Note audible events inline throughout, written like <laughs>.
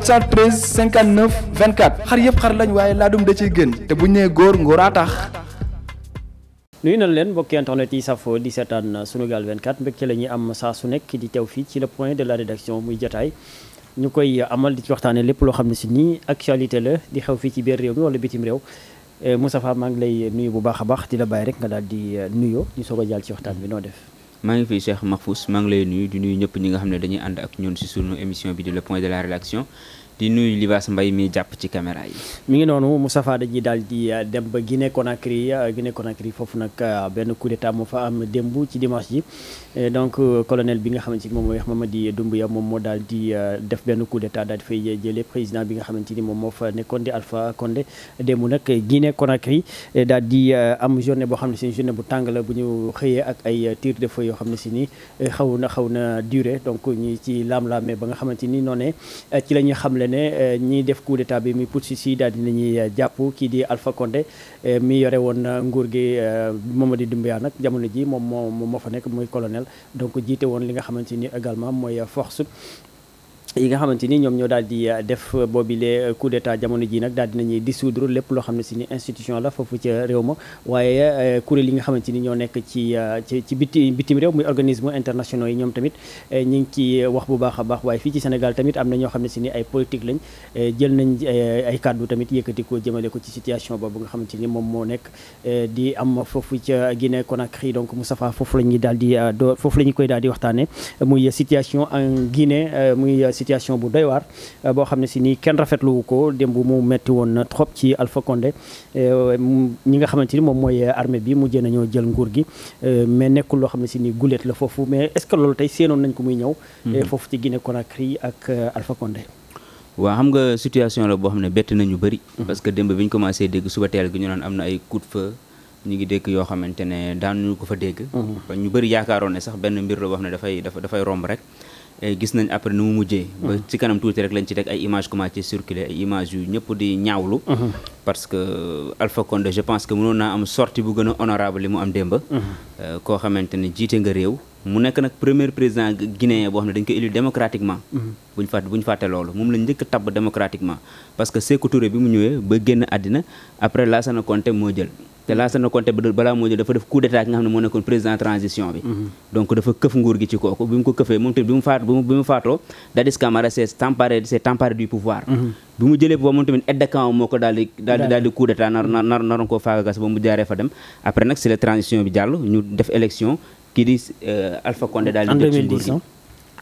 413 59 24 xar yëpp xar lañ waaye laadum da ciy gën te buñ ñu nee góor a tax. nu na leen mbokki internet yi safo di seetaan Sunugal 24 mbégte la ñuy am saa su nekk di teew fii ci le point de la rédaction muy jotaay ñu koy amal di ci waxtaanee lépp loo xam ne si nii actualité la di xew fii ci biir réew mi wala bitim réew. Eh, Moustapha maa ngi lay nuyu bu baax a baax di la bàyyi rek nga daal di eh, nuyoo ñu soo a jàll ci waxtaan bi noo def. maa ngi fi Cheikh Mahfous maa ngi lay nuyu di nuyu ñëpp ñi nga xam ne dañuy ànd ak ñun ci sunu émission bi di le point de la rédaction di nuyu Libaas Mbaye mi jàpp ci caméra yi. mi ngi noonu Moustapha dañuy daal di euh, dem ba Guinée Conakry euh, Guinée Conakry foofu nag euh, benn coup d'état moo fa am démb ci dimanche ji donc colonel bi nga xamante ni moom mooy Mamadi Doumbouya moom moo daal di def benn coup d'état daal di fay jëlee président bi nga xamante ni moom moo fa nekkoon di Alpha Condé démb nag Guinée Conakry daal di am journée boo xam ne si ni journée bu tàng la bu ñu xëyee ak ay tir de feu yoo xam ne si ni xaw na xaw na durée donc ñi ci laam-laamee ba nga xamante noonee ci la ñuy ne eh, ñiy def coup d'état bi mi putsch si daal di nañuy eh, jàpp kii di Alpha Condé eh, mi yore woon na nguur gi Mamadi Doumbouya nag jamono ji moom moo moo fa nekk muy colonel donc jiite woon li nga xamante ni également mooy force yi nga xamante ni ñoom ñoo daal di euh, def boobile euh, coup d'état jamono ji nag daal dinañuy dissoudre lépp loo xam ne si ni institution la foofu ca réew ma waaye euh, kuréel yi nga xamante ni ñoo nekk ci ci ci biti bitim réew muy organisme internationaux yi ñoom tamit ñi ngi ci wax bu baax a baax waaye fii ci Sénégal tamit am na ñoo xam ne si ni ay politique lañ jël nañ ay kàddu tamit yëkkati ko jëmale ko ci situation boobu nga xamante ni moom moo nekk di am foofu ca Guinée Conakry donc Moustapha foofu la ñuy daal di foofu la koy daal di waxtaane muy situation en Guinée situation bu doy waar euh, boo xam ne si nii kenn rafetlu ko démb mu metti woon na trop ci Alpha Condé euh, ñi nga xamante ni moom mooy armee bi mujjee nañoo jël nguur gi euh, mais nekkul loo xam ne si nii guléet la foofu mais est-ce que loolu tey séenoon nañ ko muy ñëw. Mhm. foofu ci Guinée Conakry ak Alpha Condé. waaw xam nga situation la boo xam ne bett nañu bëri. Mhm. parce que démb bi ñu commencé dégg suba teel gi ñu noon am na ay coup de ñu ngi dégg yoo xamante ne daanuñu ko fa dégg. Mhm. ñu bëri yaakaaroon ne sax benn mbir la boo xam ne dafay dafay romb rek. Eh, gis nañ après nu mu mujjee. ba ci kanam tuuti rek lañ ci teg ay image commencé circuler ay image yu ñëpp di ñaawlu. Uh-huh. parce que Alpha Condé je pense que mënoon naa am sortie bu gën a honorable li mu am démb. Mhm. Euh, koo xamante ne jiite nga réew. mu nekk nag premier président guinéen boo xam ne dañ ko élu démocratiquement. Mhm. bu ñu fàtte bu loolu moom la njëkk a démocratiquement. parce que Sékou bi mu ñëwee ba génn àddina après Lassana Conté moo jël. te Lassana Conté balaa moo jël dafa def coup d'état ki nga xam ne moo nekkoon président transition bi. Mhm. donc bi mu jëlee boobu moom tamit aide de camp moo ko daal di daal di daal di coup koo faagagas ba mu jaaree fa dem après nag si la transition bi jàll ñu def élection kii di euh, Alpha Condé daal di jël nguur gi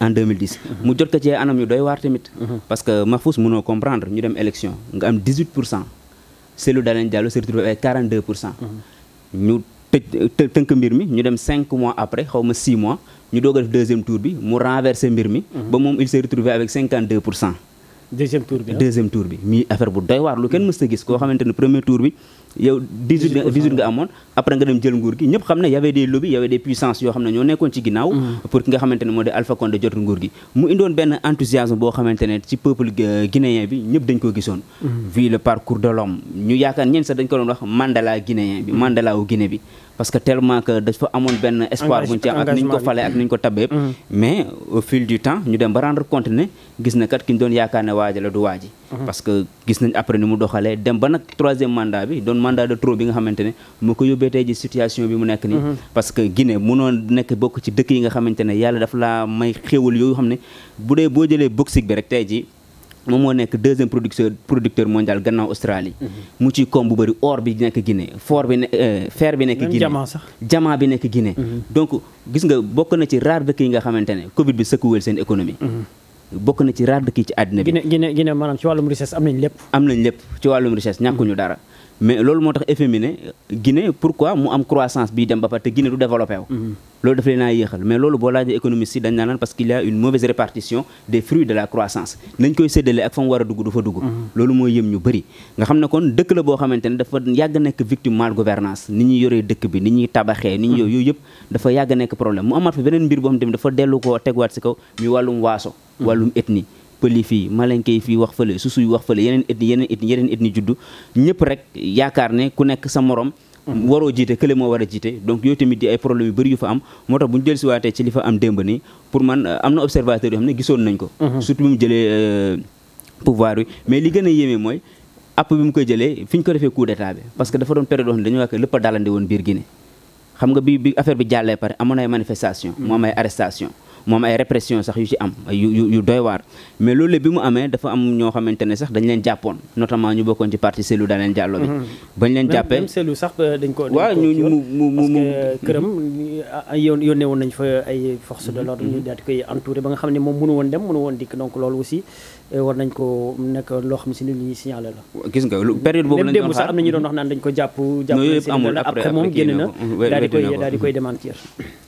en 2010 mhm. mu jot ko ci anam yu doy waar tamit mhm. parce que Mahfouz mënoo comprendre ñu dem élection nga am 18 pour cent Cellou Dalein Diallo se retrouve avec 42 pour cent mhm. ñu tëj tënk mbir mi ñu dem cinq mois après xaw ma 6 mois ñu doog a def deuxième bi mu renverser mi ba moom il deuxième tour bi deuxième tour bi muy affaire bu doy waar lu kenn mës gis koo xamante nga dem jël nguur gi ñëpp xam ne y avait des lobbies y avait yoo xam ne ñoo nekkoon ci ginnaaw mm-hmm. pour ki nga xamante ne moo Alpha Condé jotul nguur gi mu indoon benn enthousiasme boo xamante ne ci peuple euh, guinéen bi ñëpp dañ ko gisoon mm-hmm. vu parcours de l'homme ñu yaakaar ñeen sax dañ ko doon wax Mandela guinéen bi mm-hmm. Mandela Guinée bi parce que tellement que dafa amoon benn espoir bu ci am ak ni ko falee ak ni ko tabee mm-hmm. mais au fil du temps ñu dem ba rendre compte ne gis na kat ki ñu doon yaakaar ne waaja la du waaji mm-hmm. parce que gis nañ après ni mu doxalee dem ba nag troisième mandat bi doon mandat de trop bi nga xamante ne moo ko yóbbee tey ji situation bi mu nekk nii mm-hmm. parce que Guinée mënoon nekk bokk ci dëkk yi nga xamante ne yàlla daf laa may xéewal yooyu xam ne bu dee boo jëlee bi rek tey ji moom moo nekk deuxième producteur producteur mondial gannaaw Australie. Mhm. mu ciy koom bu bëri or bi nekk Guinée for bi ne euh, fer bi nekk. Guinée jamaa sax jamaa bi nekk Guinée. Mhm. donc gis nga bokk na ci rare dëkk yi nga xamante ne Covid bi sëkkuweel seen économie. Mhm. bokk na ci rare dëkk yi ci àddina bi. Guinée Guinée maanaam ci wàllum richesse am nañ lépp. am nañ lépp ci wàllum richesse ñàkkuñu dara. mais loolu moo tax efféminé Guinée pourquoi mu am croissance bi dem ba pare te Guinée du développé wu. Mhm. loolu daf leen a yéexal mais loolu boo laajee économiste si dañ naan parce qu'il y a une mauvaise répartition des fruits de la croissance nañ koy séddale ak fa mu war a dugg du fa dugg. Mhm. loolu mooy yëm ñu bëri. nga xam ne kon dëkk la boo xamante ne dafa yàgg nekk victime mal gouvernance ni ñuy yore dëkk bi ni ñuy tabaxee. ni ñuy mhm. yooyu yëpp dafa yàgg nekk problème mu amaat fa beneen mbir boo xam ne dafa dellu koo tegwaat si kaw mi wàllum waaso. wàllum ethnie. pëli fii malenke yi fii wax fële susuy wax fële yeneen etni yeneen etni yeneen etni juddu ñëpp rek yaakaar ne ku nekk sa morom waroo jiite kële moo war a jiite donc yooyu tamit di ay euh, mhm. euh, pouvoir yi mais li gën a yéeme mooy app bi mu koy jëlee fi ñu ko defee coup d'état parce que dafa doon période wax ne dañoo wax lépp a dalandi woon biir Guinée xam nga bi bi affaire bi jàllee pare amoon ay manifestation mu am ay arrestation moom ay répression sax yu ci am yu yu yu doy waar mais loolu la bi mu amee dafa am ñoo xamante ne sax dañ leen jàppoon notamment ñu bokkoon ci parti Cellou Dalein Diallo bi mhm. bañ leen jàppee même Cellou sax euh, dañ ko waaw ñu mu mu euh, mu këram yónnee woon nañ fa ay forces de l'ordre ñu mhm. xam ne moom mënu woon dem mënu woon dikk donc loolu aussi Euh, war nañ ko nekk xam si ne lu ñuy gis nga période boobu lañ am na ñu doon dañ ko jàpp. jàpp koy daal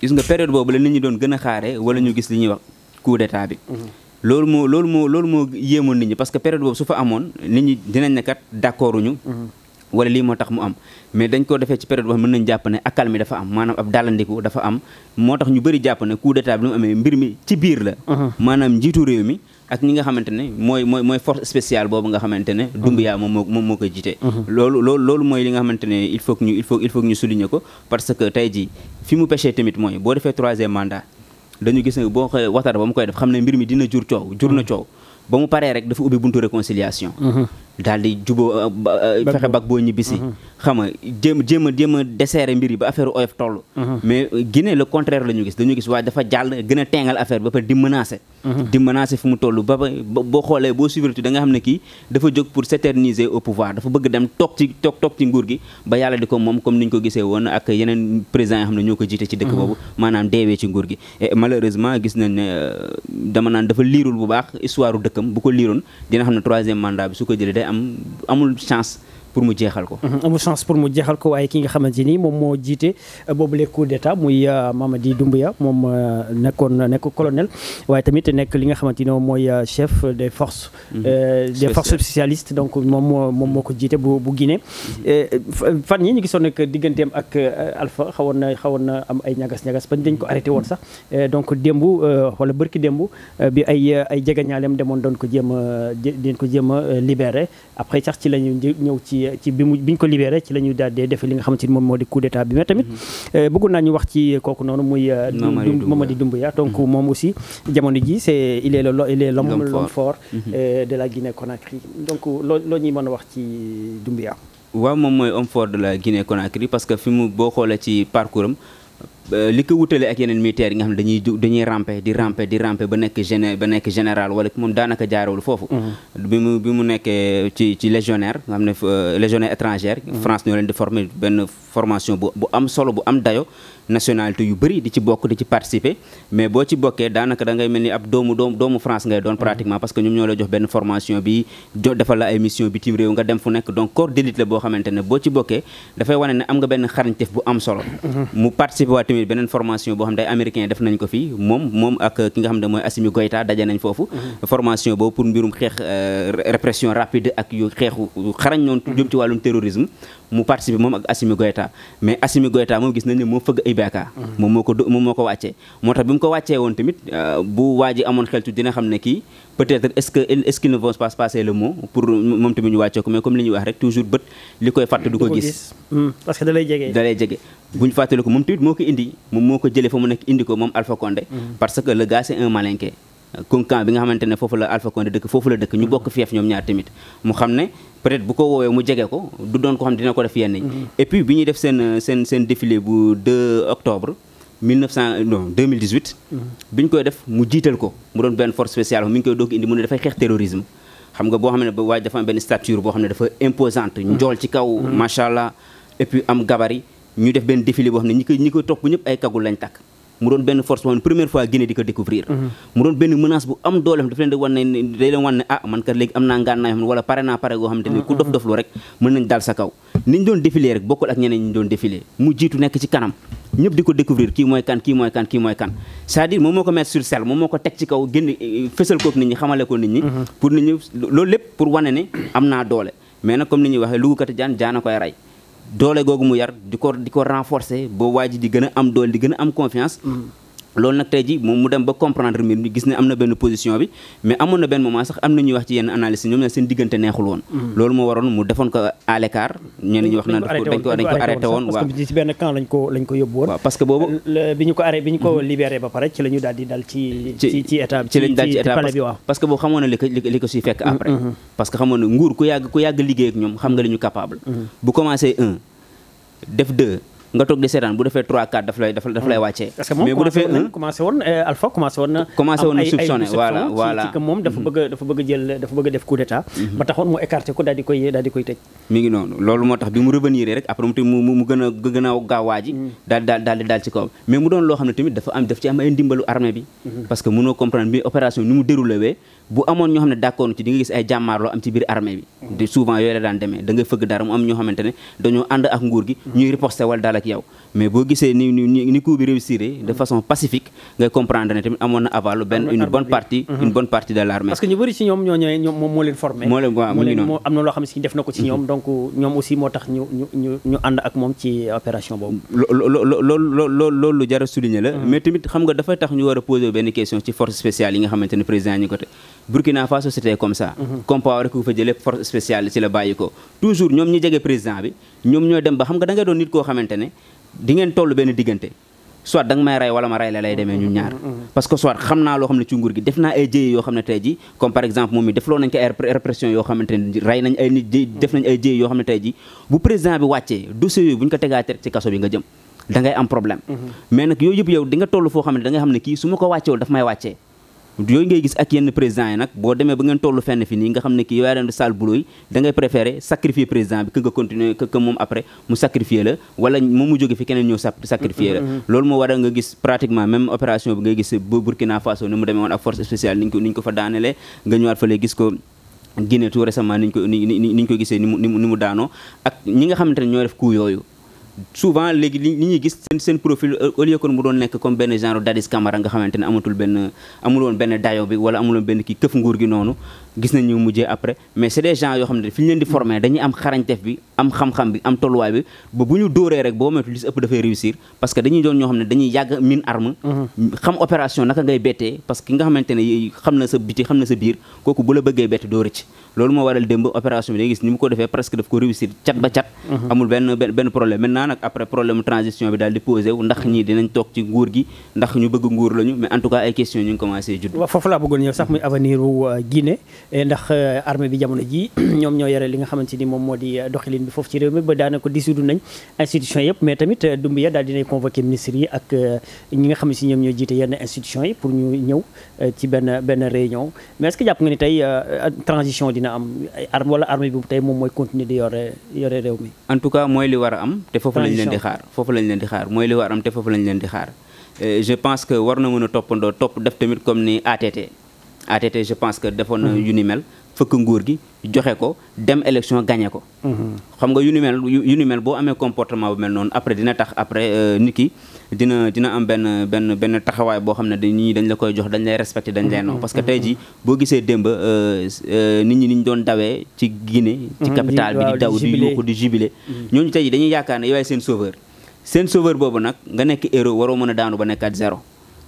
di période boobu la nit ñi doon gën a xaare wala ñu gis li ñuy wax coup d'état bi. Mhm. loolu moo loolu moo loolu moo yéemoon nit ñi parce que période boobu su fa amoon nit ñi dinañ ne kat d'accorduñu mhm. wala lii moo tax mu am mais dañ ko defee ci période boo xam mën nañ jàpp ne accalmie dafa am maanaam ab dalandiku dafa am moo tax ñu bëri jàpp ne coup bi lu mu amee mbir mi ci biir la mhm. maanaam njiitu réew mi ak ñi nga xamante ne mooy mooy mooy force spéciale boobu nga xamante ne mhm. Doumbouya moom moo moom moo ko jiite mhm. loolu loolu loolu mooy li nga xamante ne il faut que ñu il faut il faut que ñu souligner ko parce que tey jii fi mu pêché tamit mooy boo defee troisième mandat dañu gis nga boo xoolee waxtaan ba mu koy def xam ne mbir mi dina jur coow jur na mhm. coow ba mu paree rek dafa ubbi buntu réconciliation daal di juboo euh, euh, fexe bag boo ñibbisi mhm. xam jéem jéem a jéem a desserrer mbir yi ba affaire oyof toll mhm. mais euh, Guinée le contraire la ñu gis dañu gis waaye dafa jàll gën a teengal affaire ba pare di menacer mhm. di menacer fu mu toll ba boo xoolee boo suivre tuuti da nga xam ne kii dafa jóg pour s'éterniser au pouvoir dafa bëgg dem toog ci toog toog ci nguur gi ba yàlla di ko moom comme ni ñu ko gisee woon ak yeneen président yoo xam ne ñoo ko jiite ci dëkk boobu maanaam deewee ci nguur gi am amul chance pour mu jeexal ko. Mhm, amul chance pour mu jeexal ko waaye ki nga xamante ni moom moo jiite euh, boobule coup d'état muy euh, Mamadi Doumbouya moom euh, nekkoon nekk colonel waaye tamit nekk li nga xamante ni moom mooy chef de forces. des forces mhm. donc moom moom moo ko jiite bu bu Guinée. Mhm. fan yi ñu gisoon nag digganteem ak Alpha xawoon na xawoon na am ay ñagas-ñagas bañ dañ ko arrêté woon sax donc démb wala bërki démb bi ay ay jegeñaaleem demoon doon ko jéem a doon ko jéem a libéré après sax ci la ñëw ci. ci ci bi mu bi ñu ko libéré ci la ñu daal di def li nga xamante ni moom moo di coup d'état bi mais tamit mm-hmm. euh, bëggoon naa ñu wax ci kooku noonu muy euh, Mamadi Doumbouya mm-hmm. donc moom aussi jamono ji c'est il est le il est l'homme l'homme fort mm-hmm. euh, de la Guinée Conakry donc loo loo ñuy mën a wax ci Doumbouya waaw moom mooy homme fort de la Guinée Conakry parce que fi mu boo xoolee ci parcours am Euh, li ko wutalee ak yeneen militaires yi nga xam ne dañuy dañuy ramper di ramper di ramper ba nekk géné ba nekk général wala moom daanaka jaarewul foofu. Mm-hmm. bi mu bi mu nekkee ci ci légionnaire nga xam ne euh, légionnaire étrangère. Mm-hmm. France ñoo leen di former benn formation bu bu am solo bu am dayo. nationalité yu bëri di ci bokk di ci participer mais boo ci bokkee daanaka da ngay mel ni ab doomu doomu France ngay doon pratiquement parce que ñoom ñoo la jox benn formation bi jo defal la ay réew nga dem fu nekk donc corps d'élite la boo xamante boo ci bokkee dafay wane ne am nga benn xarañteef bu am solo mu participer waa tamit beneen formation boo xam ne ay américain def nañ ko fii moom moom ak ki nga xam ne mooy Assimi Goïta daje mu participer moom ak Assimi Goïta mais Assimi Goïta moom gis nañ ne moo fëgg IBK moom moo ko d moom moo ko wàccee moo tax bi mu ko wàccee woon tamit euh, bu waa ji amoon xeltu toujours bët li koy fàtt du ko gis mm, parce jege da lay ko moom tamit moo ko indi moom moo ko jëlee fa mu nekk indi ko moom Alpha mm. parce que le gars c'est un malinqué Kunkan bi nga xamante ne foofu la Alpha Condé dëkk foofu la dëkk ñu bokk fief ñoom ñaar tamit mu xam ne peut-être bu ko woowee mu jege ko du doon ko xam dina ko def yenn yi mm-hmm. et bi ñuy def seen seen seen défilé bu 2 octobre 1900 non 2018 mm-hmm. bi ñu koy def mu jiital ko mu doon benn force spéciale mi ngi koy doog indi mu ne dafay xeex terrorisme xam nga boo xam ne ba waaye dafa am benn stature boo xam ne dafa imposante mm-hmm. njool ci kaw macha allah et am gabari ñu def benn défilé boo xam ne ñi ko ñi ko topp ñëpp ay kagul lañ takk mu doon benn force boo xam ne première fois Guinée di ko découvrir mhm. mu doon benn menace bu am doole ah, xam mhm. daf leen mu jiitu nekk ci kanam ñëpp di ko découvrir kii mooy kan kii mooy kan kii mooy kan moo ko mettre sur selle moo ko teg ci kaw génn eh, fësal kook nit ñi xamale ko nit ñi mhm. pour nit ñi loolu lépp pour wane ne am naa doole mais nag comme ni ñuy waxee lugukati jaan jaana koy rey doole googu mu yar di ko di ko renforcer ba waa ji di gën a am doole di gën a am confiance. Mm-hmm. loolu nag tey ji moom mu dem ba comprendre mbir mi gis ne am na benn position bi mais amoon na benn moment sax am na ñuy wax ci yenn analyse ñoom ne seen diggante neexul woon mm. loolu moo waroon mu defoon ko à l'écart ñenn ñi wax naan dañ ko dañ ko arrêté ci benn camp waaw parce que boobu bi ñu ko arrêté mm-hmm. ba pare ci la ñu di dal ci ci ci état ci lañ dal ci état bi waaw parce que boobu xamoon li ko li ko suy fekk mm-hmm. après parce que xamoon nguur ku yàgg ku yàgg liggéey ak ñoom xam nga nga toog di seetaan bu defee 3 4 daf lay daf lay hmm. wàccee. mais bu euh, woon na. commencé woon na soupçonné voilà voilà moom dafa hmm. bëgg dafa bëgg def coup d'état. Hmm. ba mu ngi noonu loolu moo tax bi mu revenir rek après mu mu mu gën a gën a gaaw waaji. daal daal daal ci kawam mais mu doon loo xam ne tamit dafa am daf ci am ay ndimbalu armée bi. parce que mënoo comprendre bi opération ni mu déroulé wee. bu amoon ñoo xam ne d'accord ci di nga gis ay jàmmaarloo am ci biir armée bi mm-hmm. souvent yooyu la daan demee da ngay fëgg dara mu am ñoo xamante ne dañoo ànd ak nguur gi ñuy riposter wala daal ak mais boo gisee ni ni ni coup bi réussir de façon pacifique ngay comprendre ne tamit amoon na aval benn une bonne partie mhm. une bonne partie de l'armée parce que ñu bëri ci ñoom xam na ko mhm. tax ñu ñu ñu ñu ànd ak moom ci opération boobu loolu loolu loolu lu jar a souligner mhm. a poser benn question ci force spéciale jege président bi ñoom ñooy dem ba xam nga da doon nit koo xamante di ngeen toll benn diggante soit da may rey wala ma rey la lay demee ñun ñaar mm-hmm. parce que soit xam naa loo xam ne ci gi def naa ay jéye yoo xam ne tey ji bu président bi wàccee dossier yooyu bu ñu ko tegaatee ci kaso bi nga jëm da am problème mm-hmm. mais nag yooyu yëpp yow di nga foo xam ne da xam ne kii su ma ko wàccewul daf may wàccee yooyu ngay gis ak yenn président yi nag boo demee ba ngeen toll fenn fi nii nga xam ne kii yaa de sale boulot yi da préférer sacrifier président bi que nga continuer que moom après mu sacrifier la mm-hmm, mm-hmm. loolu moo waral nga gis pratiquement même opération bi ngay gis Burkina Faso ni mu demee woon ak force spéciale ni mu ni ak ñi nga xamante ne ñoo def coup souvent léegi li ñuy gis seen seen profil euh, au lieu mu doon nekk comme benn genre Dadis Camara nga xamante ne amatul benn dayo bi wala amul benn kii këf nguur gi noonu gis nañu mujjee après mais c'est des gens yoo xam ne fi ñu leen di dañuy yàgg min arme mm-hmm. xam opération naka ngay bettee parce que ki nga xamante ne xam na sa biir kooku bu la bëggee bett dóora ci loolu moo waral démb opération bi da gis ni mu ko defee presque daf ko réussir cat nag après problème transition bi daal di posé wu ndax ñii dinañ toog ci nguur gi ndax ñu bëgg nguur lañu mais en ay question ñu ngi commencé judd waaw foofu laa bëggoon ñëw sax muy avenir wu euh, eh, ndax euh, armée bi jamono ji <clears throat> ñoom ñoo yore li nga xamante ni moom moo di euh, doxalin bi foofu ci réew mi ba daanaka dissoudre nañ institution mais tamit Doumbouya daal dinay convoqué ministres yi ak ñi nga si ñoom ñoo jiite yenn institution yi pour ñu ñëw ci benn benn réunion mais est-ce que jàpp nga ni tey transition dina am arme wala bi tey moom mooy continuer di yore yore réew mi foofu lañ leen di xaar foofu lañ leen di xaar mooy li war te foofu lañ leen di xaar euh, je pense que war na mën a toppandoo topp def tamit comme ni ATT ATT je pense que defoon na mm-hmm. yu ni mel fëkk nguur gi joxe ko dem élection gagné ko. xam nga yu ni mel yu ni mel boo amee comportement bu mel noonu après dina tax après euh, nit ki dina dina am benn benn benn taxawaay boo xam ne dañuy dañ la koy jox dañ lay respecté dañ lay mm-hmm. non parce que mm-hmm. tey jii boo gisee démb euh, euh, nit ñi ni doon dawee ci Guinée. ci mm-hmm. capitale bi di daw di yuuxu di jubilé. ñooñu tey jii dañuy yaakaar ne yow seen sauveur. seen sauveur boobu nag nga nekk héros waroo mën a daanu ba nekk at zéro.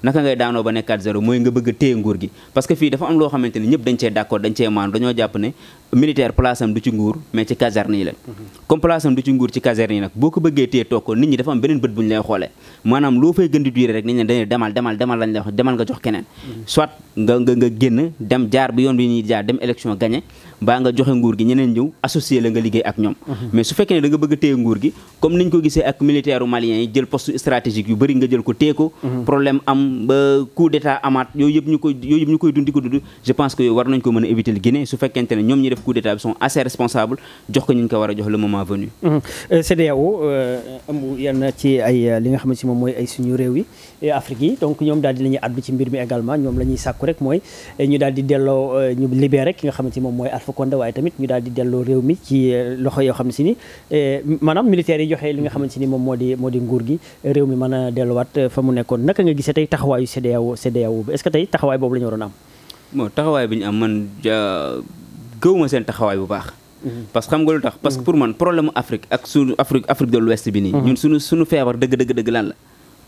naka ngay daanoo ba nekkaat zéro mooy nga bëgg a téye nguur gi parce que fii dafa am loo xamante ni ñëpp dañ cee d'accord dañ cee maan dañoo jàpp ne militaire place du ci nguur mais ci caserne la mhm. comme place du ci nguur ci caserne nag boo ko bëggee téye toog ko nit ñi dafa am beneen bët bu lay xoolee maanaam loo fay gën di durer rek nit ñi dañuy demal demal demal lañ lay demal nga jox keneen mhm. soit nga nga nga génn dem jaar bi yoon bi ñuy jaar dem élection gagné baa nga joxe nguur gi ñeneen ñëw associé la nga liggéey ak ñoom mhm. mais su fekkee ne da bëgg a nguur gi comme niñ ko gisee ak militaire malien yi jël poste stratégique yu bëri nga jël ko téye mhm. problème am ba coup d'état amaat yooyu yëpp ñu koy yooyu yëpp dundi ko dund je pense que yooyu war nañ ko mën a éviter Guinée su fekkente ne ñoom ñi def coup d'état bi sont assez responsables jox ko ñu ko war a jox le moment venu mhm. euh, CEDEAO euh, am yenn ci ay euh, li Alpha Condé tamit ñu daal di delloo réew mi ci euh, loxo yoo xam ne si ni euh, maanaam militaires yi joxe li nga xamante si ni moom moo di moo di nguur gi réew mi mën a delluwaat euh, fa mu nekkoon naka nga gisee tey taxawaayu CEDEAO CEDEAO bi est-ce que tey taxawaay boobu la waroon am. taxawaay bi ñu am man gëwuma seen taxawaay bu baax. Mhm. parce que xam nga lu tax parce que mhm. pour man problème Afrique ak suñu Afrique Afrique de l'Ouest bi nii. Mhm. ñun suñu suñu feebar dëgg dëgg dëgg lan la.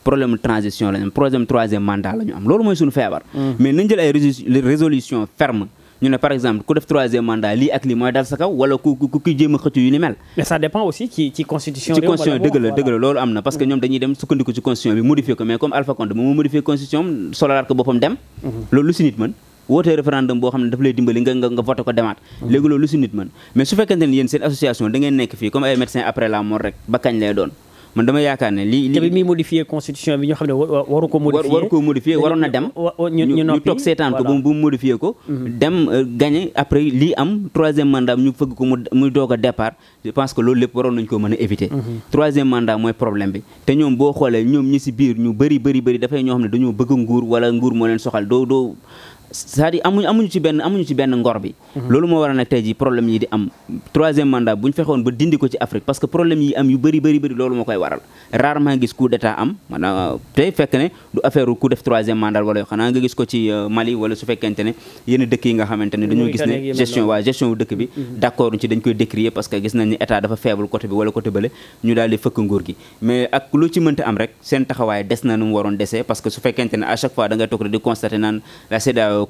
problème transition la ñu la ñu am loolu mooy suñu feebar. mais nañ jël ay résolution ferme. ñu ne par exemple ku def troisième mandat lii ak lii mooy dal sa kaw wala ku ku ku xëccu yu ni mel. mais ci ci constitution. dëgg la dëgg la loolu am na parce que ñoom dañuy dem sukkandiku ci constitution bi modifier ko mais comme Alpha Condé moom moo modifier sololaat ko boppam dem. Mhm. loolu lu si nit mën. wootee référendum boo xam ne daf lay dimbali nga nga nga voté ko demaat mhm. léegi loolu lu si nit mën mais su fekkente ne yéen seen association man dama yaakaar ne li li. te bi muy modifié constitution bi ñu xam ne waru ko. modifié waru waroon na dem. ñu ñu toog seetaan ko bu mu modifié ko. Mhm. dem euh, gagné après lii am troisième mandat ñu fëgg ko mu mu doog a départ je que loolu lépp waroon nañu ko mën a éviter. Mhm. troisième mandat mooy problème bi te ñoom boo xoolee ñoom ñi si biir ñu bëri bëri bëri dafay ñoo xam ne dañoo bëgg nguur wala nguur moo leen soxal doo doo. cest à amuñu ci benn ngor bi mhm. loolu moo waral nag tey jii problème yi di am troisième mandat bu ñu ba dindi ko ci Afrique parce que problème yi am yu bëri bëri loolu moo koy waral rarement gis coup d'état am euh, tey fekk ne du affaire ku def troisième mandat wala yoo xanaa ah, nga gis ko ci euh, Mali waa gestion wu dëkk bi mhm. d'accord ci dañ koy décrier parce que gis nañ ne dafa faible côté bi wala côté bële ñu daal di fëkk nguur gi mais ak lu ci mënta am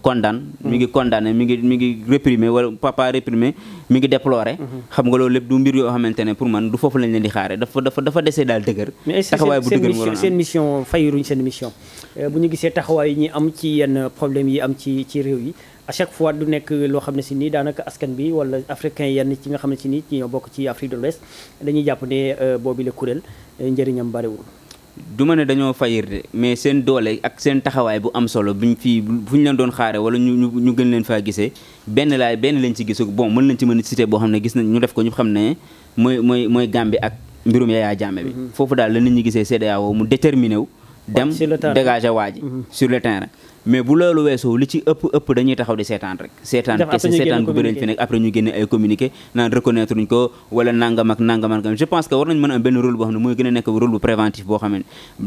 condamne mi ngi condamné mi ngi mi ngi réprimé wala papa réprimé mi ngi déploré xam nga loolu lépp du mbir yoo xamante ne pour man du foofu lañ leen xaare dafa dafa dafa daal dëgër taxawaay bu dëgër seen mission fayiruñ seen mission euh, bu ñu gisee taxawaay yi ñuy am ci yenn problème yi am ci réew yi à chaque fois du nekk loo xam ne si nii daanaka askan bi wala africain yenn ci nga xam ne si nii ci ñoo bokk ci Afrique de l'Ouest dañuy jàpp ne euh, du ma ne dañoo fayir de mais seen doole ak seen taxawaay bu am solo ñu fii fu ñu leen doon xaare wala ñu ñu gën leen faa gisee benn laay benn lañ ci gisu bon mën nañ ci mën a cité boo xam ne gis nañ ñu def ko ñu xam ne mooy mooy mooy Gambie ak mbirum Yaya Jammeh bi mhm. foofu daal la nit ñi gisee CEDEAO mu déterminé wu dem dégager waa ji mhm. sur le terrain mais bu loolu weesoo li ci ëpp ëpp dañuy taxaw di seetaan rek seetaan kese seetaan bu bëri fi nekk après ñu génne ay communiqué naan reconnaître uñ ko wala nangam ak nangam ak je que war nañ mën am benn rôle boo xam ne mooy gën a nekk rôle bu préventif boo xam ne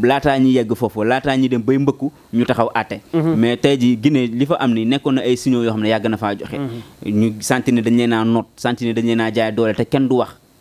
laataa ñi yegg foofu laataa ñi dem bay mbëkku ñu taxaw àtte mhm. mais tey ji Guinée li fa am ni nekkoon na ay signaux yoo xam ne yàgg na faa joxe mhm. ñu sentir ne naa noot sentir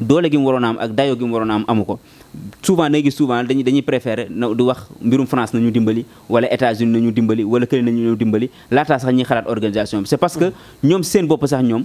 doole gi mu waroon a am ak dayo gi mu waroon a am amu ko souvent léegi souvent dañuy dañuy préféré wax mbirum France nañu dimbali wala États-Unis nañu dimbali wala kële nañu dimbali laataa sax ñuy xalaat organisation c'est parce que ñoom seen bopp sax ñoom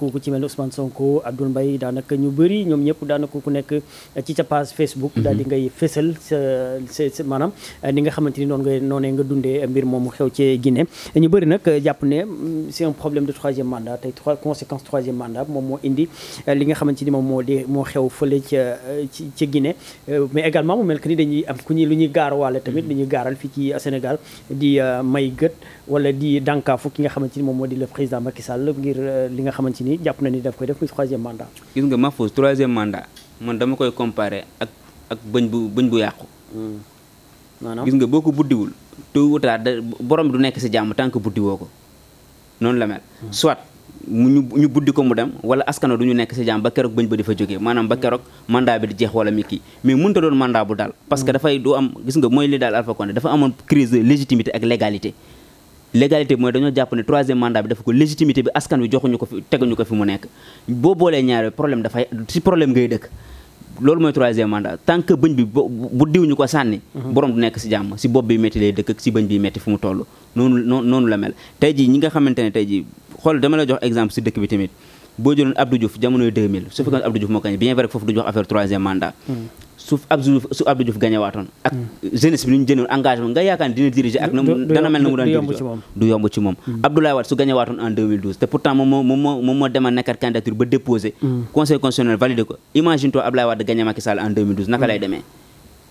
donc ku ci mel ne Ousmane Sonko Abdoul Mbaye daanaka ñu bëri ñoom ñëpp daanaka ku nekk eh, ci ca page Facebook. Mhm. daal di ngay fésal sa sa maanaam eh, ni nga xamante ni noonu ngay noonee nga dundee mbir moomu xew ci Guinée. ñu bëri eh, jàpp ne mm, c'est un problème de troisième mandat tey trois conséquences troisième mandat moom moo indi li nga xamante ni moom moo di moo xew fële ca ci ca mais également mu mel que ni dañuy am ku ñuy lu ñuy gaarawaale tamit lu mhm. ñuy gaaral fii ci Sénégal di may gët. wala di dànkaafu ki nga xamante ni moom moo di le président Macky Sall ngir euh, li nga xamante ni jàpp na ni daf koy def muy troisième mandat. gis nga Mahfouz troisième mandat man dama koy comparer ak ak bëñ bu bëñ bu yàqu. Hmm. maanaam gis nga boo ko buddiwul tôt ou tard borom du nekk si jàmm tant que buddiwoo ko noonu la mel. Hmm. soit ñu ñu buddi ko ñu nekk si jàmm ba keroog bëñ ba di fa jógee maanaam ba keroog mandat jeex wala mi kii mais a doon mandat bu daal. parce que hmm. dafay du am gis nga moy li daal Alpha Condé dafa amoon crise légitimité ak légalité. légalité bi mooy dañoo jàpp ne troisième mandat bi dafa ko légitimité bi askan wi joxuñu ko fi teguñu ko fi mu nekk boo boolee ñaar problème dafay ci problème ngay dëkk loolu mooy troisième mandat tant que bëñ bi bu diw ñu ko sànni mhm. borom du nekk si jàmm si bopp bi métti lay dëkk si bëñ bi métti fu mu toll noonu noonu la mel tey jii ñi nga xamante ne tey jii xool dama la jox exemple si dëkk bi tamit boo jëloon Abdou Diouf jamonoy 2000 su fekkoon Abdou suuf ab su Abdou Diouf gañewaatoon ak mm. jeunesse bi ñu jënoon engagement nga yaakaar ne dina diriger ak na dana mel na mu daan diriger du yomb ci moom mm. Abdoulaye Wade su gañewaatoon en 2012 te pourtant moom moo moom moo moom moo demal nekkat candidature ba déposé mm. conseil constitutionnel validé ko imagine toi Abdoulaye Wade gagné Macky Sall en 2012 naka lay demee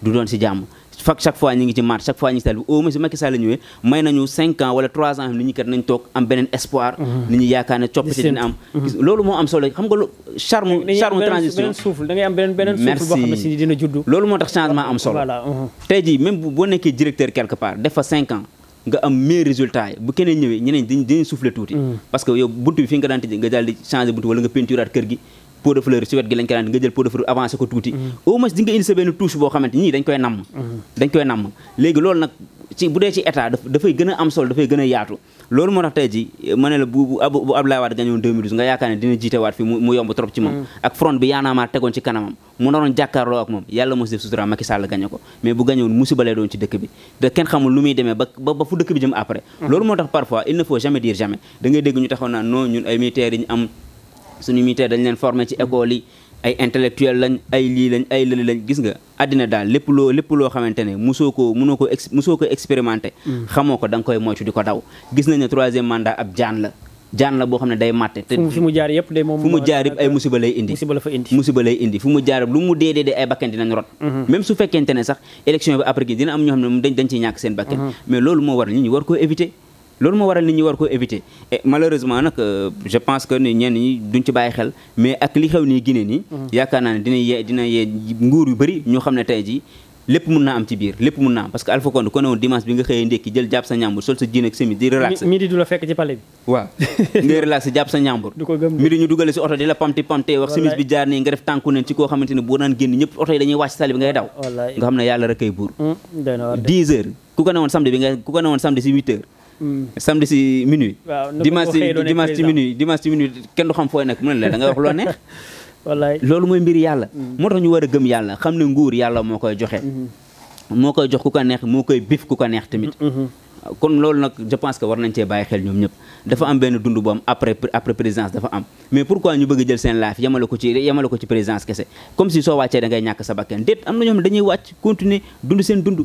du doon si jàmm fak chaque fois ñi ngi ci marche chaque fois ñi ngi ci tal bi au moins may nañu cinq ans wala trois ans ni ñu kat nañ toog am beneen espoir mhm. ni ñu yaakaar ne coppite dina am mhm. loolu moo am solo xam nga loolu moo tax changement am solo mhm. tey jii même boo nekkee directeur quelque part def cinq ans nga am meilleur résultat yi bu keneen ñëwee ñeneen dañuy souffler tuuti parce que buntu bi fi nga daan tëj nga daal di buntu wala nga peinturaat kër gi pot de fleur wet gi lañ jël pot de fleur ko tuuti au moins di nga indi sa benn touche boo xamante ñii dañ koy namm dañ léegi loolu moo tax parfois il ne faut jamais dire jamais da dégg ñu taxaw naan non ñun ay militaires yi am suñu militaire dañ leen former ci école ay intellectuel lañ ay lii lañ ay lëli lañ gis nga àddina daal lépp loo lépp loo xamante ne musoo ko munoo ko ex musoo ko expérimenté mm. xamoo ko da nga koy moytu di ko daw gis nañ ne troisième mandat ab jaan la jaan la boo xam ne day màtte fu mu jaar ay musiba lay indi fu mu jaar lu mu dee dee ay bakkan dinañ rot mm-hmm. même su fekkente ne sax élection bi après dina am ñoo xam ne dañ dañ ciy ñàkk seen bakkan mm-hmm. mais loolu moo loolu moo waral nit ñi war ko éviter et malheureusement nag euh, je pense que ni ñenn ñi duñ ci bàyyi xel mais ak li xew nii Guinée nii. Mhm. yaakaar naa ne dina yee dina yee nguur yu bëri ñoo xam ne tey jii. lépp mun naa am ci biir lépp mun naa am parce que Alpha ko ne woon dimanche bi nga xëyee ndékki jël jàpp sa ñàmbur sol sa jiin ak semis di relax midi <laughs> jàpp sa ñàmbur midi ñu dugale si oto di la pamti pamte wax semis bi jaar nii nga def tànku neen ci koo xamante Mm. samedi si minuit. waaw dimanche si dimanche si minuit dimanche si minuit kenn du xam fooy nekk mu ne la da wax loo neex. <laughs> loolu mooy mbir yàlla. Mm. moo tax ñu war a gëm yàlla xam ne nguur yàlla moo koy joxe. Mm-hmm. moo koy jox ku ko neex moo koy bif ku ko neex tamit. Mm-hmm. kon loolu nag je pense que war nañ cee bàyyi xel ñoom ñëpp dafa am benn dund bu am après après présidence dafa am mais pourquoi ñu bëgg jël seen laaf yamale ko ci yamale ko ci présidence kese comme si soo seen dund.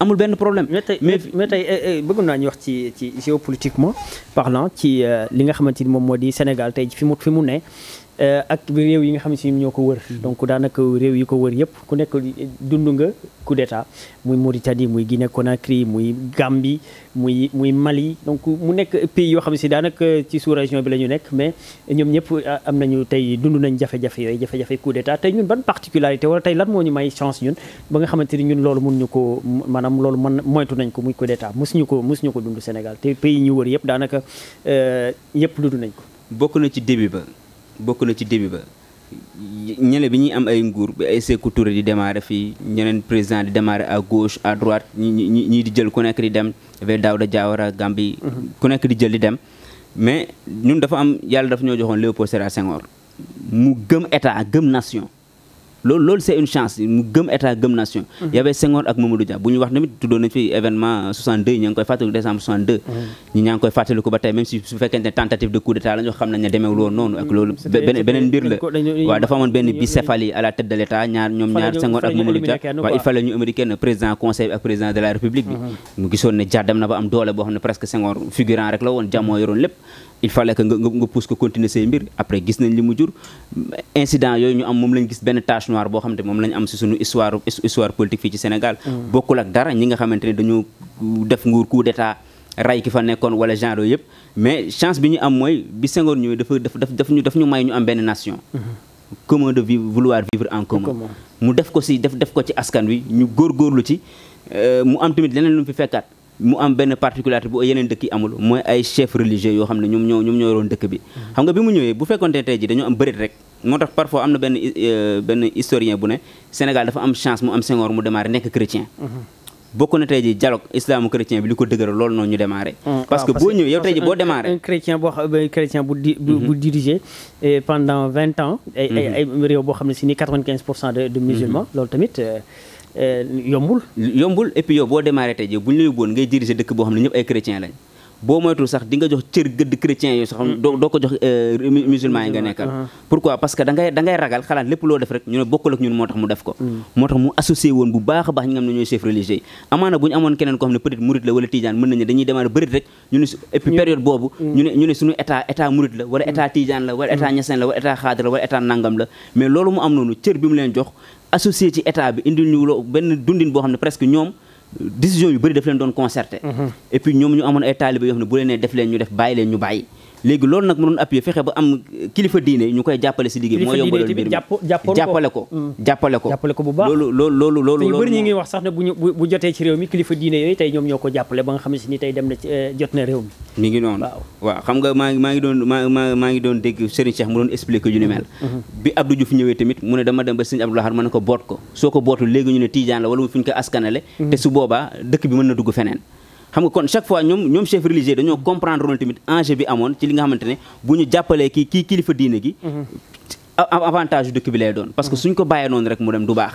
amul benn problème. mais tey mais tey eh, eh, bëgg naa ñu wax ci ci géopolitiquement parlant ci euh, li nga xamante ni moom moo di Sénégal tey fi mu fi mu ne. Eh, ak réew yi nga xam si ñoo ko wër hmm. donc daanaka réew yi ko wër yëpp ku nekk dund nga coup d'état muy Mauritanie muy Guinée Conakry muy Gambie muy muy Mali donc mu nekk pays yoo xam si daanaka ci sous région bi la ñu nekk mais ñoom ñëpp eh, am nañu tey dund nañ jafe-jafe yooyu jafe-jafe coup d'état tey ñun ban particularité wala tey lan moo ñu may chance ñun ba nga xamante ni ñun loolu mun ñu ko maanaam loolu mën moytu nañ ko muy coup d'état mosuñu ko mosuñu ko dund Sénégal te pays ñu yëpp daanaka eh, yëpp dund nañ ko bokk na ci début ba bokk na ci début ba ñële bi ñuy am ay nguur bi ay Sékou di démarrer fii ñeneen président di démarrer à gauche à droite ñi ñii di jël ku nekk di dem vers Daouda Diawara Gambie mhm. ku nekk di jël di dem mais ñun dafa am yàlla dafa ñoo joxoon Léopold Sédar Senghor mu gëm état gëm nation loolu loolu c' est une chance gëm état gëm nation mhm. y avait Senghor ak Mamadou Dia bu ñu wax tamit tuddoon nañ fi événement 62 mhm. ñaa ngi koy fàttaliku décembre ba tey même si su tentative de coup d' état la ñu xam nañ ne demeewul woon noonu beneen mbir la waaw dafa amoon benn bicéphalie à la tête de l' ñoom ñaar Senghor ak Mamadou Dia waaw il fallait ñu américaine président conseil ak président de la république mhm. mu gisoon ne Dia dem na ba am doole boo xam ne presque il fallait que nga nga pousse ko continuer say mbir après gis nañ li mu jur incident yooyu ñu am moom lañ gis benn tache noire boo xamante moom lañ am si suñu histoire politique fii ci Sénégal mm. bokkul ak dara ñi nga xamante ne dañoo def nguur coup d'état ray ki fa nekkoon wala genre yooyu mais chance bi ñu am mooy bi Senghor ñu may ñu am benn nation mm-hmm. commun de vivre en commun mu def ko si def def ko ci askan wi ñu góorgóorlu ci euh, mu am tamit leneen lu mu fi mu am benn particularité bu yeneen dëkk yi amul mooy ay chef religieux yoo xam ne ñoom ñoo ñoom ñoo yoroon dëkk bi xam nga bi mu ñëwee bu fekkoonte tey ji dañoo am bërit rek moo tax parfois am na benn euh, benn historien bu ne Sénégal dafa am chance mu am Senghor mu démarré nekk chrétien mm-hmm. bokk na tey ji dialogue islamo chrétien bi li ko dëgëral loolu noonu ñu démarré mm-hmm. parce que boo ñëwee yow tey ji boo démarré un chrétien boo xam chrétien bu di bu mm-hmm. dirigé pendant vingt ans ay ay réew boo xam ne si ni quatre-vingt-quinze pour cent de musulmans loolu tamit euh, Euh, yombul. yombul et yow boo démarré bu ñu la yóbbuwoon ngay diriger dëkk boo xam ne ñëpp ay chrétien lañ boo moytuwul sax di jox cër gëdd chrétien yooyu sax hmm. doo ko jox euh, musulman yi nga nekkal. Uh-huh. pourquoi parce que da ragal xalaat lépp loo def rek ñu ne bokkul ak hmm. ñu ne peut ne et puis murit la wala hmm. état tijaan la wala état ñaseen la wala état xaadir la wala état nangam la mais loolu mu am noonu cër bi mu leen jox associé ci état bi indil ñu loo benn dundin boo xam ne presque ñoom décision yu bëri daf leen doon concerté mm-hmm. et puis ñoom ñu amoon ay taalibe yoo xam ne def leen ñu def bàyyi leen ñu bàyyi léegi loolu nag mënoon appuyer fexe ba am kilifa diine ñu koy jàppale si liggéey moo yombaloon mbir mi jàppale ko jàppale ko mm. jàppale ko loolu loolu loolu nga ni dem doon maa maa maa ngi doon dégg Serigne Cheikh mm-hmm. Mm-hmm. ba Serigne Abdou ma ne ko boot ko soo ko bootul léegi ñu ne Tidiane la wala mu fi ñu ko askanale mm-hmm. te su boobaa dëkk bi mën na dugg feneen xam nga kon chaque fois ñoom ñoom chef religieux dañoo comprendre loolu tamit enjeu bi amoon ci li nga xamante ne bu ñu jàppalee kii kii kilifa diine gi mhm. avantage yu dëkk bi lay doon parce que mhm. suñ ko bàyyee noonu rek mu dem du baax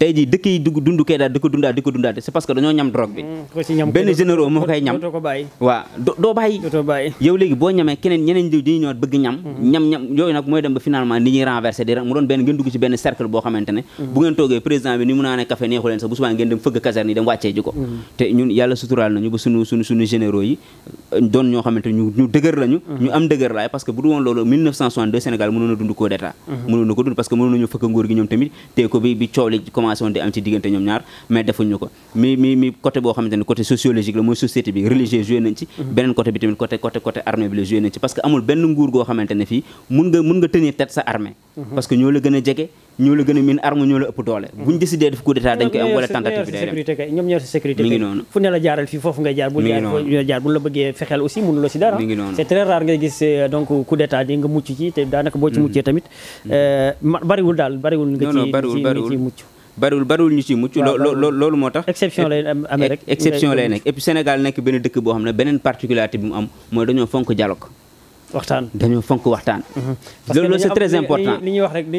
tey jii dëkk yi dugg kay daal di dundaat di dundaat c'est parce que dañoo ñam drogue bi mm, benn généraux moo koy ñam waaw doo bàyyi yow léegi boo ñamee keneen ñeneen diw diñu ñëwaat bëgg mm-hmm. ñam ñam yooyu nag mooy dem ba finalement ni ñuy renversé di mu doon benn xamante ne mm-hmm. bu ngeen toogee président bi ni mm-hmm. euh, ñu ñu dëgër lañu ñu am dëgër laay parce que bu du woon loolu 1962 Sénégal mënoon a dund coup d'état mënoon na ko dund parce que mënoon nañu fëkk dafay commencé woon di am ci diggante ñoom ñaar mais defuñu ko mi mi mi côté boo xamante ne côté sociologique la mooy société bi religieux joué nañ ci mm-hmm. beneen côté bi tamit côté côté côté armée bi la joué nañ ci parce que amul benn nguur goo xamante ne fii mun nga mun nga tenir tête sa armée mm-hmm. parce que ñoo la gën a jege ñoo la gën a miin arme ñoo la ëpp doole mm-hmm. buñ décidé def coup d'état dañ koy am wala tentative bi day dem ñoom ñoo si sécurité mi ngi noonu fu ne la jaaral fii foofu ngay jaar bu la jaar bu la bëggee fexeel aussi mënuloo si dara mi ngi noonu c'est très rare ngay gis euh, donc coup d'état di nga mucc ci te daanaka boo ci muccee tamit euh, bariwul daal bariwul nga ci mucc bariwul bariwul ñu ci mucc loo loolu moo tax exception lay amee rek exception lay nekk et puis Sénégal nekk benn dëkk boo xam ne beneen particularité bi mu am mooy dañoo fonk dialogue waxtaan dañoo fonk waxtaan. Mhm. loolu c'est très important li ñuy wax rek à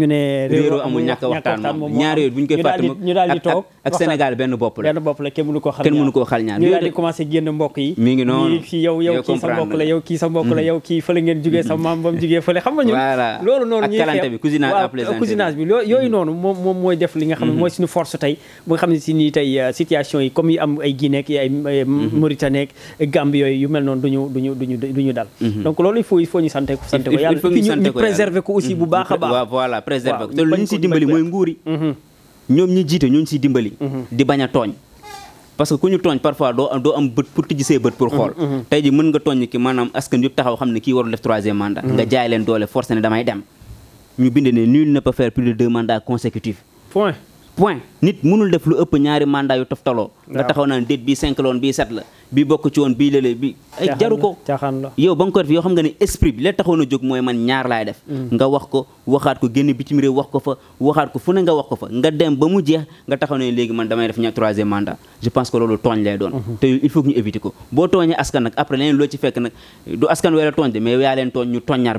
ñu waxtaan moom ñaar yooyu noonu moom mooy def li nga xam ne mhm. mooy suñu force tey bu nga xam ne si nii tey euh, situation yi comme yi am ay Guinée ak ay mhm. Mauritanie gàmb yooyu yu mel noonu duñu duñu duñu duñu dal mhm. donc loolu il faut il faut ñu sante ko sante ko yàlla ñu préserver ko aussi bu mhm. baax a baax waaw voilà préserver ko te lu mhm. ñu si dimbali mooy nguur yi ñoom ñi jiite ñooñu si dimbali di bañ a tooñ parce que ku ñu tooñ parfois doo doo am bët pour tijji see bët pour xool tey ji mën nga tooñ ki maanaam askan yëpp taxaw xam ne kii warul def troisième mandat nga jaay leen doole forcé ne damay dem ñu bind ne nul ne peut faire plus de deux mandats consécutifs point point nit mënul def lu ëpp ñaari mandat yu toftaloo nga taxaw naan déet bii cinq loon bii sept la bi bokk ci woon bii lële bi ay jaru ko yow ba nga ko def yoo xam nga ne esprit bi la taxoon a jóg mooy man ñaar laay def mm. nga wax ko waxaat ko génn bitim réew wax ko fa waxaat ko fu ne nga wax ko fa nga dem ba mu jeex nga taxaw ne léegi man damay def mm-hmm. ñu éviter ko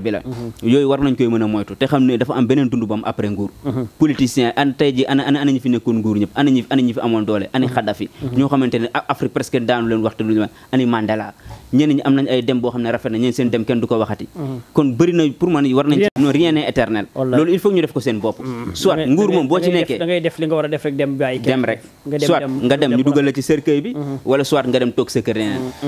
bi la mm-hmm. yooyu war nañ koy mën a moytu te xam ne dafa am beneen dund après nguur mm-hmm. politicien an tey ji ana ana ñu fi nekkoon nguur ñëpp ana ñi fi amoon doole ana Kadhafi ñoo xamante ne Afrique te lu ñu ani Mandela ñenn ñi am nañ ay dem boo xam ne rafet na ñeen seen dem kenn du ko waxati mm-hmm. kon bëri na pour man war nañ non rien n'est éternel loolu il faut ñu def ko seen bopp mm-hmm. soit nguur moom boo ci nekkee da def li nga war a def rek dem bàyyi dem rek soit nga dem ñu dugal la ci cercueil bi mm-hmm. wala soit nga dem toog sa kër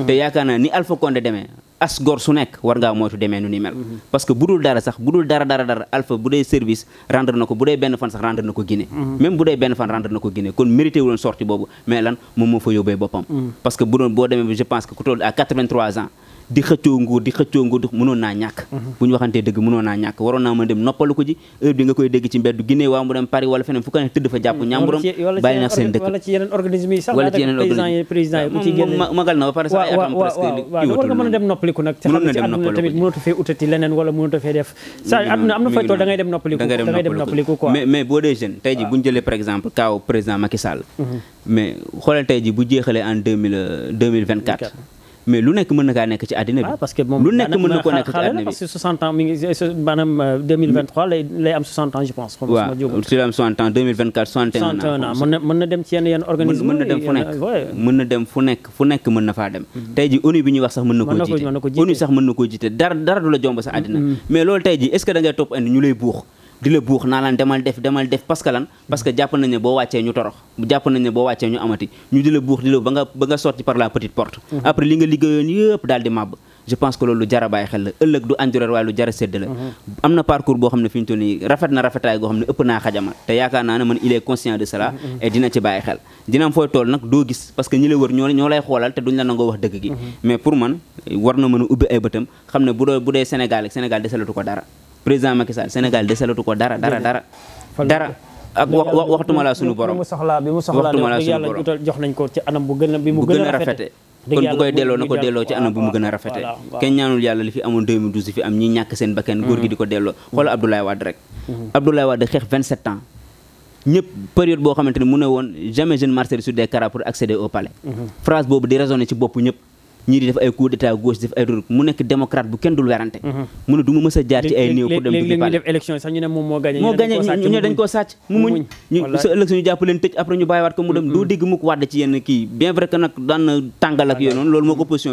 te yaakaar naa ni Alpha Condé demee as gor nekk war ngaa moytu demee nu ni mel mhm. parce que bu dul dara sax bu dul dara dara dara alpha bu dee service rendre na ko bu dee benn fan sax rendre na ko Guinée mhm. même bu dee benn fan rendre na ko Guinée kon mérité wuloon sortie boobu mais lan moom fa yóbbee boppam mhm. parce que bu doon boo demee je pense que ku toll à 83 ans di xëccoo nguur di xëccoo nguur mënoon naa ñàkk mhm. bu waxantee dëgg mënoon naa ñàkk waroon naa mën dem noppalu ko ji heure bi nga koy dégg ci mbeddu Guinée waa mu dem Paris wala feneen fu ne tëdd fa jàpp mhm. ñàmburam ba pare nag te xam mais lu nekk mën na kaa nekk ci àddina bi. Ah, lu nekk mën na koo nekk ci àddina bi parce que 60 ans mi ngi euh, maanaam euh, lay am 60 ans mën na dem ci yenn yenn organisme mën na dem fu nekk euh, mën na dem fu nekk fu nekk mën na faa dem. Mhm. tey ji ONU bi ñuy wax sax mën na koo jiite. mën sax mën na koo jiite dara dara du la jomb sa àddina. Mhm. mais loolu tey ji est ce topp andi ñu lay buux di la buux naa laan demal def demal def parce lan parce jàpp nañ boo wàccee ñu torox jàpp nañ boo wàccee ñu amati ñu di la buux di la ba nga sotti par la petite mhm. après li nga liggéeyoon yëpp daal di màbb je pense que loolu lu bàyyi xel la ëllëg du anjureer waaye lu jar a la mhm. am na parcours boo xam ne fi ñu toll rafet na rafetaay goo xam ne ëpp naa xajama te yaakaar naa ne man il est conscient de cela mhm. et dina ci bàyyi xel dina am président Macky Sall Sénégal desalatu ko dara dara dara ak wax waxtuma laa borom bu gën a bi mu a rafete kon bu koy delloo na ko delloo ci anam bu mu gën a rafete kenn ñaanul yàlla li fi amoon 2012 yi fi am ñi ñàkk seen bakkan mm-hmm. góor gi di ko delloo xoola mm-hmm. Abdoulaye Wade rek mm-hmm. Abdoulaye Wade xeex 27 ans ñëpp période boo xamante mu ne woon jamais je ne marcherai sur des carats pour au palais phrase boobu di résonner ci bopp ñëpp ñii di def ay coup d'état gauche def ay ruruk mu nekk démocrate bu kenn dul werante mhm. mu ne du ma mës a jaar ci ay néew pour dem léegi ñu def élection sax moo gagné ñu dañ koo sàcc mu muñ ñu sa élection ñu jàpp tëj après ñu bàyyiwaat ko mu dem mm-hmm. doo dégg mukk wàdd ci yenn kii bien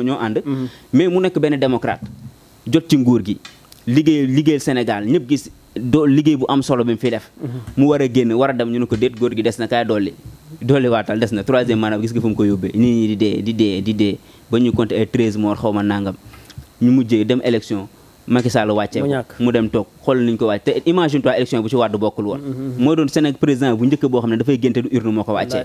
mm-hmm. mu nekk benn démocrate jot ci nguur gi liggéey liggéeyal Sénégal ñëpp gis doo liggéey bu am solo bi mu fi def mm-hmm. mu war a génn war a dem ñu ne ko déet góor gi des na kaay dolli dolli waatal na troisième maanaam gis ko yóbbee di dee di dee di ba ñu compté ay treize morts xaw ma nangam ñu mujjee dem élection Macky Sall mu dem toog xool niñ ko wàcc te imagine toi élection bu ci Wade bokkul woon. Mm-hmm. moo doon Sénégal président bu njëkk boo xam ne dafay génte du urne moo ko wàccee.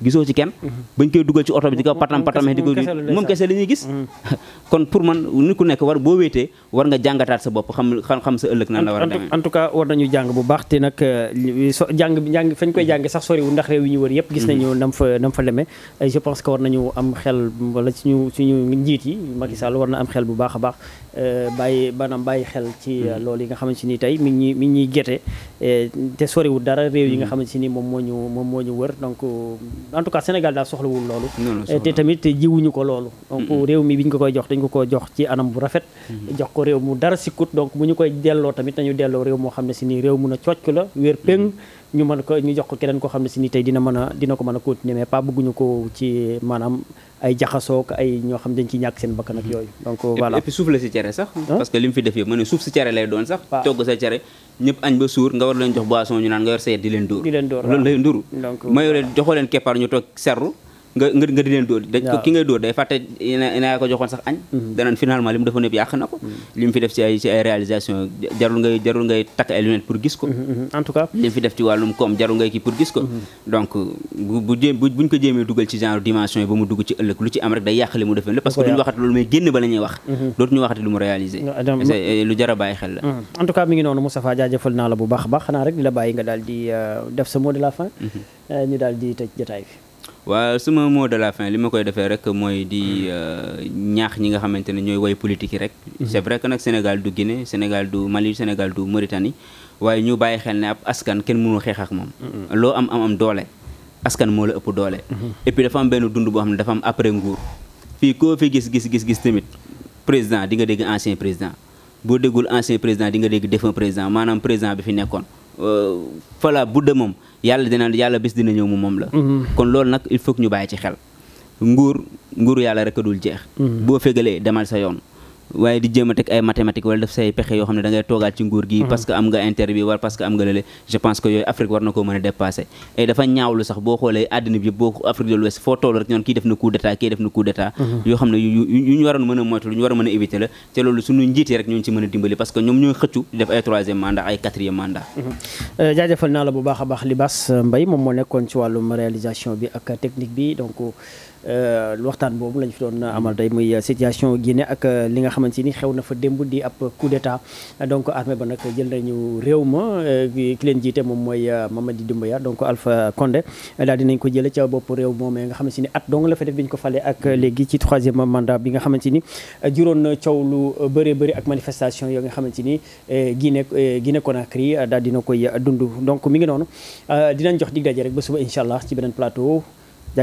gisoo ci kenn bañ koy dugal ci oto bi di ko patam patamee moom kese la ñuy gis mm. <laughs> kon pour man nit ku nekk war boo wéetee war nga jàngataat sa bopp xam xam sa ëllëg nan la war a demee en tout cas war nañu jàng bu baax te nag euh, so jàng jàng fañ koy jàng sax soriwul ndax ñu wër yëpp gis mm-hmm. nañu nam fa nam fa lemee je pense que war nañu am xel wala suñu ñu njiit yi Macky Sall war na am xel bu baax a baax euh, bàyyi banaam bàyyi xel ci mm-hmm. loolu yi nga xamante ni tey mi ngi mi ñuy gete Eh, te soriwul dara réew yi nga mm. xamante ni moom moo ñu moom moo ñu wër donc euh, en tout cas Sénégal daal soxlawul loolu eh, te tamit jiwuñu ko loolu donc réew mi bi ñu ko koy jox dañ ko ko jox ci anam bu rafet mm-hmm. jox ko réew mu dara sikkut donc mu ñu koy delloo tamit nañu delloo réew moo xam ne si nii réew mun a cocc la wér péng mm-hmm. ñu mën ko ñu jox ko keneen koo xam ne si nii tey dina mën a dina ko mën a continuer mais pas bëgguñu ko ci maanaam ay jaxasoo ak ay ñoo xam dañ ci ñàkk seen bakkan ak mhm. yooyu donc voilà et puis suuf la si cere sax parce li mu fi def yëpp ma ne suuf si cere lay doon sax togg sa cere ñëpp añ ba suur nga war leen jox boisson ñu naan nga yor sa yet di leen dóor loolu lay nduru ma yore joxoo leen keppaar ñu toog serru nga nga nga di leen dóor ki ngay dóor day fàtte naa ko joxoon sax añ mm-hmm. danaan finalement li mu defoon yëpp yàq na ko mm-hmm. li mu fi def ci ay ci ay réalisation jarul ngay jarul ngay takk ay lunettes pour gis ko mm-hmm, en tout cas li mu fi def ci wàllum koom jarul ngay kii pour gis ko donc bu jéem buñ ko jéemee dugal ci genre dimension yi ba mu dugg ci ëllëg lu ci am rek day yàq li mu defoon lépp parce que duñu waxat loolu mais génn ba la ñuy wax dootuñu waxati lu mu réalisé lu jar a bàyyi xel la en tout cas mi ngi noonu Moustapha jaajëfal naa la bu baax a baax xanaa rek di la bàyyi nga daal di euh, def sa mot de la fin euh, ñu daal di tëj jotaay bi waa suma mot de la fin li ma koy defee rek mooy di euh, ñaax ñi nga xamante ne ñooy way politique yi rek. Mhm. c'est vrai que nag Sénégal du Guinée Sénégal du Mali Sénégal du Mauritanie waaye ñu bàyyi xel ne ab askan kenn mënul xeex ak moom. Mhm. loo am am am doole askan moo la ëpp doole. Mhm. et dafa am benn dund boo xam ne dafa am après nguur fii koo fi gis gis gis gis tamit président di nga dégg ancien président boo déggul ancien président di nga dégg défunt président maanaam président bi fi nekkoon. Euh, fala bu dëmam yàlla dina yàlla bés dina ñëw mu moom la mhm. kon loolu nag il faut ñu bàyyi ci xel nguur nguur yàlla rek a dul jeex mhm. boo fégalee demal sa yoon waaye di jéem ay mathématiques wala def say pexe yoo xam ne da ngay ci nguur gi mhm. parce que am nga intérêt bi parce que am nga lële je pense que yooyu Afrique war na koo mën a dépasser et dafa ñaawlu sax boo xoolee àddina bi mhm. yoo xam ne yu ñu waroon mën a moytu lu ñu war a mën a éviter la te loolu suñu njiitee rek ñoon ci mën a dimbali parce que ñoom ñooy xëccu def ay troisième mandat ay quatrième mandat mhm. euh, jaajëfal naa la bu baax a Euh, waxtaan boobu lañ fi doon amal day muy situation gine ak euh, li nga xamante ni xew na fa démb di ab coup d'état donc armée ba nag jël nañu réew ma euh, ki leen jiite moom mooy Mamadi Doumbouya donc Alpha Condé daal dinañ ko jële ca bopp réew moomee nga xamante ni at dong la fa def bi ñu ko falee ak léegi ci troisième mandat bi nga xamante ni juróon na coow lu bëree bëri ak manifestation yoo nga xamante ni Guinée Guinée Conakry daal dina koy dund donc mi ngi noonu dinañ jox dig daje rek ba suba incha allah ci beneen plateau jaa